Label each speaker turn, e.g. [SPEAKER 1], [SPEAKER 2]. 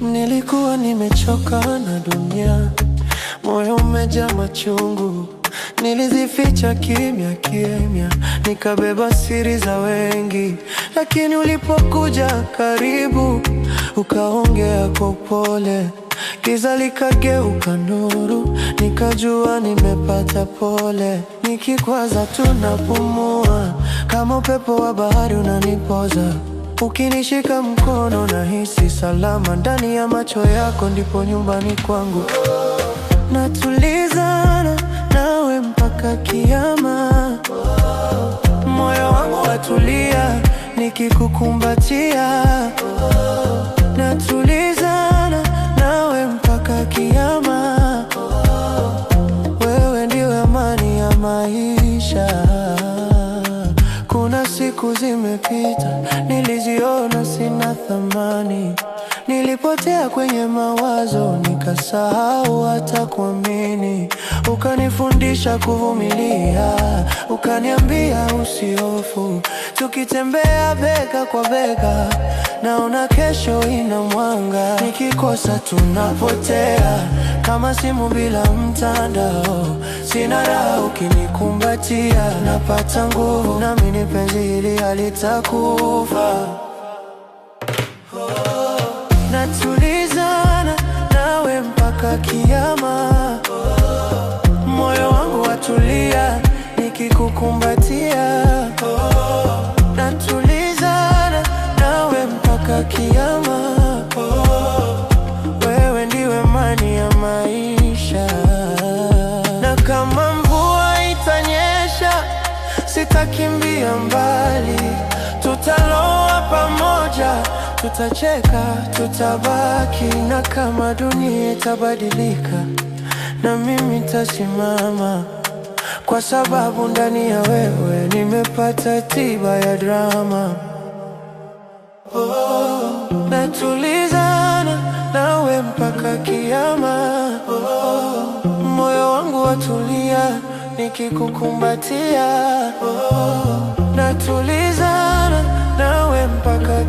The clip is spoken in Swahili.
[SPEAKER 1] Nilikuwa nimechoka na dunia, moyo umejaa machungu. Nilizificha kimya kimya, nikabeba siri za wengi, lakini ulipokuja karibu, ukaongea kwa upole Giza likageuka nuru, nikajua nimepata pole. Nikikwaza tunapumua, kama upepo wa bahari unanipoza. Ukinishika mkono nahisi salama, ndani ya macho yako ndipo nyumbani kwangu. Natulizana nawe mpaka kiama, moyo wangu watulia nikikukumbatia. maisha. Kuna siku zimepita, niliziona sina thamani, nilipotea kwenye mawazo, nikasahau hata kuamini. Ukanifundisha kuvumilia, ukaniambia usihofu. Tukitembea bega kwa bega, naona kesho ina mwanga. Nikikosa tunapotea, kama simu bila mtandao, sina raha ukinikumbuka unapatia napata nguvu, nami penzi hili halitakufa. Oh. Natulizana nawe mpaka kiama. Moyo wangu watulia nikikukumbatia. Oh. Natulizana nawe mpaka kiyama, oh, Wewe ndiwe mani ya maisha na kama mvua itanyesha maisha, sitakimbia mbali, tutaloa pamoja, tutacheka, tutabaki, na kama dunia itabadilika, na mimi tasimama kwa sababu ndani ya wewe nimepata tiba ya drama. Oh, natulizana nawe mpaka kiama. Oh, moyo wangu watulia nikikukumbatia, oh, natulizana nawe mpaka